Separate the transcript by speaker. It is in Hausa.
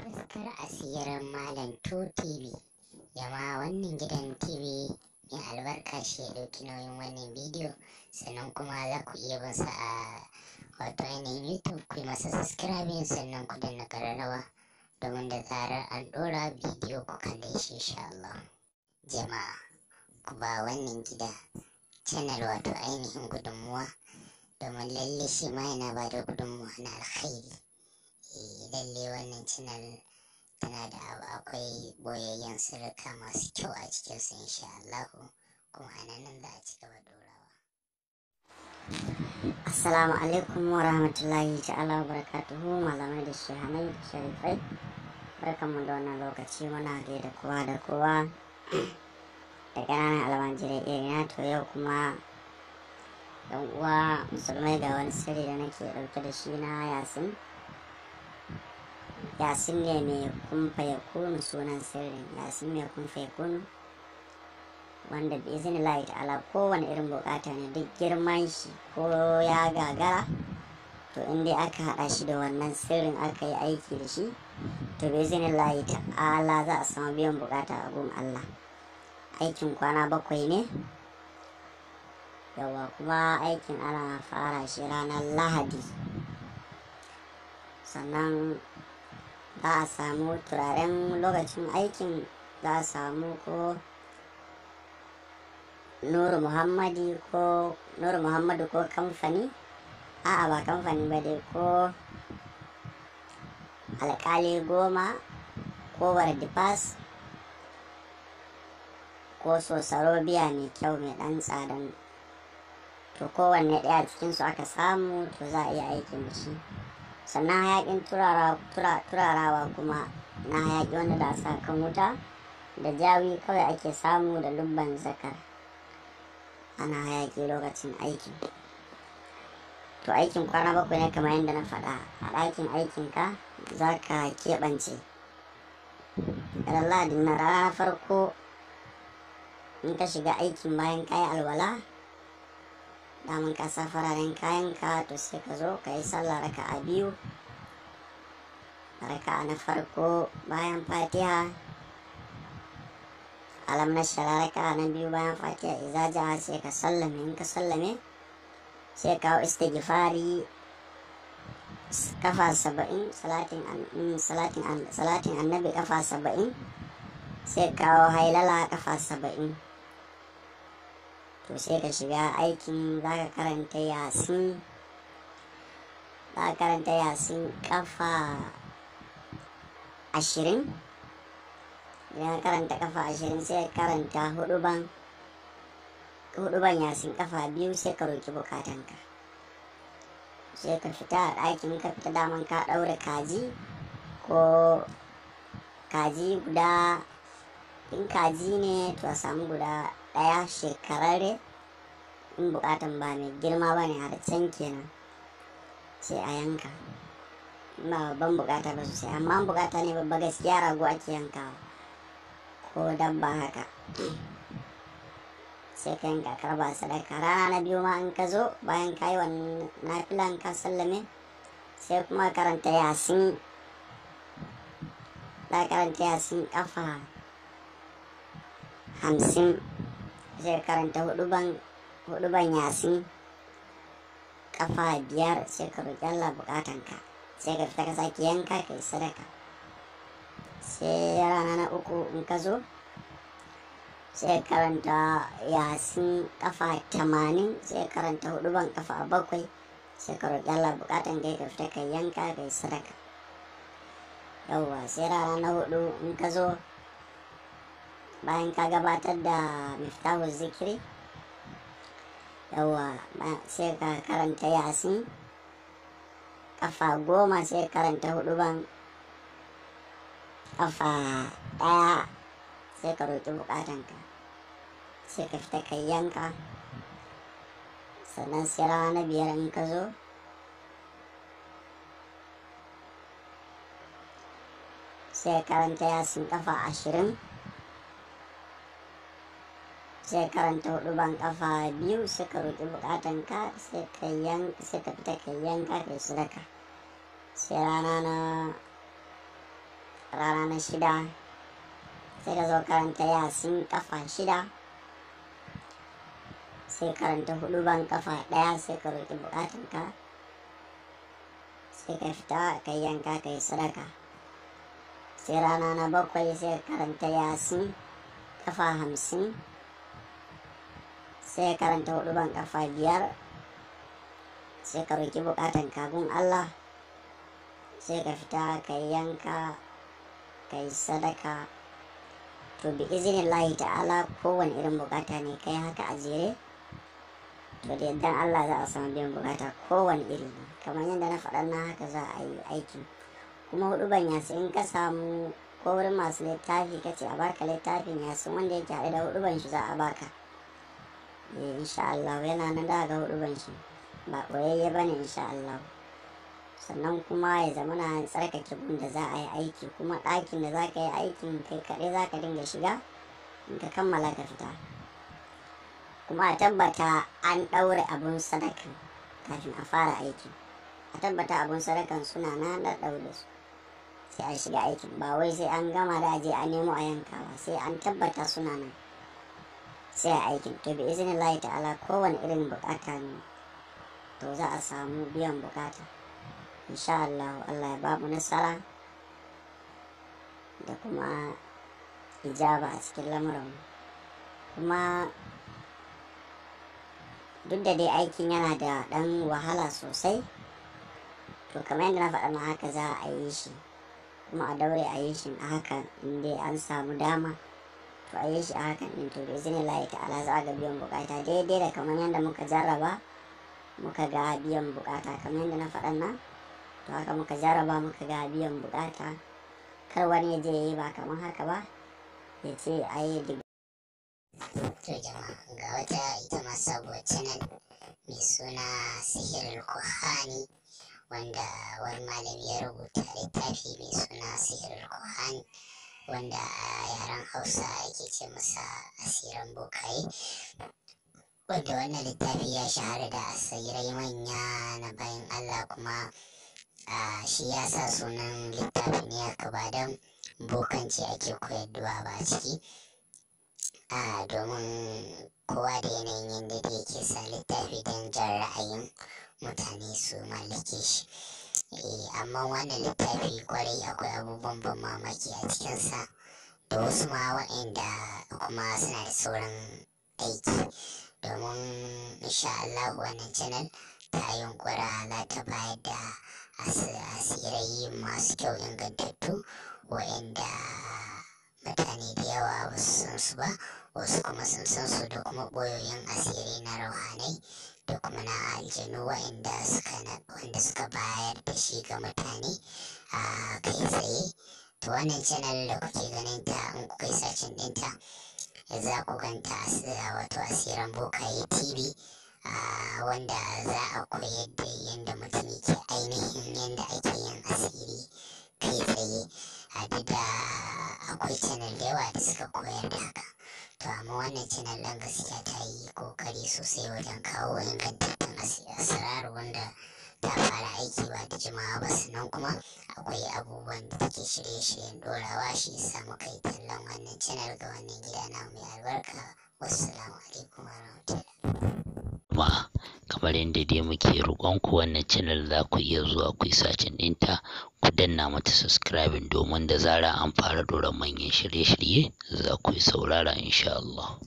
Speaker 1: fuskar asirin malam to tv yama wannan gidan tv mai albarka shi ya ɗauki nauyin wannan bidiyo sannan kuma za ku iya bin sa a wato ainihin youtube ku yi masa subscribing sannan ku danna kararrawa domin da zarar an ɗora bidiyo ku kalle shi insha Allah jama'a ku ba wannan gida channel wato ainihin gudunmuwa domin lalle shi ma yana ba da gudunmuwa na alkhairi lalle wannan tunan tana da akwai boyayyen sirrika masu kyau a cikin cikinsu insha Allahu kuma a nan za a ci gaba dorawa.
Speaker 2: Assalamu alaikum wa rahmatullahi ta'ala wa barakatuhu malamai da shehanai sharifai barkanmu da wannan lokaci muna gai da kowa da kowa da ƙananan almajirai irina to yau kuma yan uwa musulmai ga wani sirri da nake ɗauke da shi na yasin yasin ne mai kumfa ya kunu sunan sirrin yasin mai kumfa ya kunu wanda da izini ala ko kowane irin bukata ne duk girman shi ko ya gagara to in dai aka hada shi da wannan sirrin aka yi aiki da shi to bai izini layi ala za a samu biyan bukata a gun allah aikin kwana bakwai ne yawa kuma aikin ana fara shi ranar lahadi sannan za a samu turaren lokacin aikin za a samu ko nuru muhammadu ko kamfani a'a ba kamfani ba dai ko alkali goma ko pass ko sosaro biya mai kyau mai ɗan tsadan to kowanne ɗaya cikinsu aka samu to za a iya aikin da shi sannan hayakin turarawa kuma na hayaki wanda da sa kan wuta da jawi kawai ake samu da lubban zakar ana hayaki lokacin aiki to aikin kwana bakwai ne kamar yadda na faɗa a ɗakin aikinka za ka keɓance ranar ladin na rana farko in ka shiga aikin bayan kayi alwala daman kasa sa fararen kayanka to sai ka zo ka yi sallah raka a biyu raka na farko bayan fatiha alam na shara raka na biyu bayan fatiha idza ja sai ka sallame in ka sallame sai ka istighfari kafa saba'in salatin salatin salatin annabi kafa saba'in sai kawo hailala kafa saba'in to sai ka shiga aikin za ka karanta yasin za ka karanta yasin kafa ashirin ya karanta kafa ashirin sai ka karanta huduban huduban yasin kafa biyu sai ka roki bukatanka sai ka fita a ɗakin ka fita daman ka ɗaura kaji ko kaji guda in kaji ne to a samu guda ɗaya shekararre in buƙatan ba mai girma ba ne har can kenan sai a yanka ba babban buƙata ba sosai amma buƙata ne babba gaskiya rago ake yankawa ko dabba haka sai ka yanka karba sadaka rana na biyu ma in ka zo bayan ka yi wannan nafilan ka sallame sai kuma karanta yasin da karanta yasin kafa hamsin sai karanta hudu ban yasin kafa biyar sai ka roƙi Allah bukatanka sai ka fita ka sake yanka ka yi sadaka sai rana na uku in ka zo sai karanta yasin kafa tamanin sai karanta hudu ban kafa bakwai sai ka roƙi Allah bukatan ka ka fita ka yanka ka yi sadaka yauwa sai rana na hudu in ka zo bayan ka gabatar da miftahu zikiri yawa sai ka karanta yasin kafa goma sai karanta hudu kafa daya sai ka roƙi bukatanka sai ka fita ka yanka sannan sai rawa na biyar zo sai karanta yasin kafa ashirin sai karanta hudu ban kafa biyu sai ka roƙi bukatan ka sai ka yanka sai ka fita ka yanka ka yi sadaka sai rana na rana na shida sai ka zo karanta yasin kafa shida sai karanta hudu ban kafa daya sai ka roƙi bukatan ka sai ka fita ka yanka ka yi sadaka sai rana na bakwai sai ka karanta yasin kafa hamsin sai ya karanta hudu ban kafa biyar sai ka roki bukatan kagun Allah sai ka fita ka yanka ka yi sadaka to bi izinin lahi ta'ala kowane irin bukata ne kai haka a jere to da Allah za a samu biyan bukata kowane iri ne kamar yadda na faɗa na haka za a yi aiki kuma hudu ban in ka samu ko wurin masu littafi ka ce a baka littafin yasu wanda yake haɗe da hudu ban shi za a baka insha Allah yana nan da ga hudu ban shi ba koyayye ba ne insha sannan kuma ya zama na tsarkake gun da za a yi aiki kuma ɗakin da za ka yi aikin kai kaɗai za ka dinga shiga in ka kammala ka fita kuma a tabbata an ɗaure abun sadaka kafin a fara aiki a tabbata abun sadakan suna na ɗaɗɗaure su sai a shiga aikin ba wai sai an gama da aje a nemo a yankawa sai an tabbata suna nan sai a aikin to bi izinin layi ta'ala kowane irin bukata ne to za a samu biyan bukata insha Allah Allah ya ba mu nasara da kuma ijaba a cikin lamuran kuma duk da dai aikin yana da ɗan wahala sosai to kamar yadda na faɗa ma haka za a yi shi kuma a daure a yi shi a haka inda an samu dama to shi a hakan ɗin to bai izinin layi ta'ala za a ga biyan bukata daidai da kamar yadda muka jarraba muka ga biyan bukata kamar yadda na faɗan nan to haka muka jarraba muka ga biyan bukata kar wani ya je yi ba kamar haka ba
Speaker 1: ya ce a yi diga. to jama'a ga wata ita ma sabuwar nan mai suna sihirin kohani wanda wani malami ya rubuta littafi mai suna sihirin kohani wanda yaran hausa ake ce masa asirin bukai wanda wannan littafi ya shahara da asirai manya na bayan allah kuma shi ya sa sunan littafi ne aka ba don bokanci ake koyarwa ba ciki domin kowa da yanayin yadda da yake sa littafi don jan ra'ayin mutane su mallake shi eh amma wannan littafi kwarai akwai abubuwan ban mamaki a cikinsa da wasu ma waɗanda kuma suna da sauran aiki domin insha Allah wannan channel ta yunkura za ta bayar da asirai masu kyau ingantattu waɗanda mutane da yawa ba su san su ba wasu kuma sun san su da kuma ɓoyoyin asiri na rauhanai da kuma na aljanu wainda suka wanda suka bayar da shi ga mutane a kai tsaye to wannan channel da kuke ganin ta in ku kai sacin ɗinta za ku ganta wato asiran bokaye tv wanda za a koyar da yadda mutum yake ainihin yadda ake yin asiri kai tsaye a da akwai channel da yawa da suka koyar da haka ramuwa wannan channel ɗin gaskiya ta yi kokari sosai wajen kawo ingantattun asiraru wanda ta fara aiki ba da jimawa ba sannan kuma akwai abubuwan da take shirye-shiryen dorawa shi yasa muka yi tallan wannan cinar ga wannan gida na mai albarka wassalamu alaikum warahmatullahi ba kamar yadda dai muke roƙon ku wannan channel za ku iya zuwa ku yi sacin ɗinta ku danna mata subscribing domin da zara an fara ɗora manyan shirye-shirye za ku yi saurara insha Allah.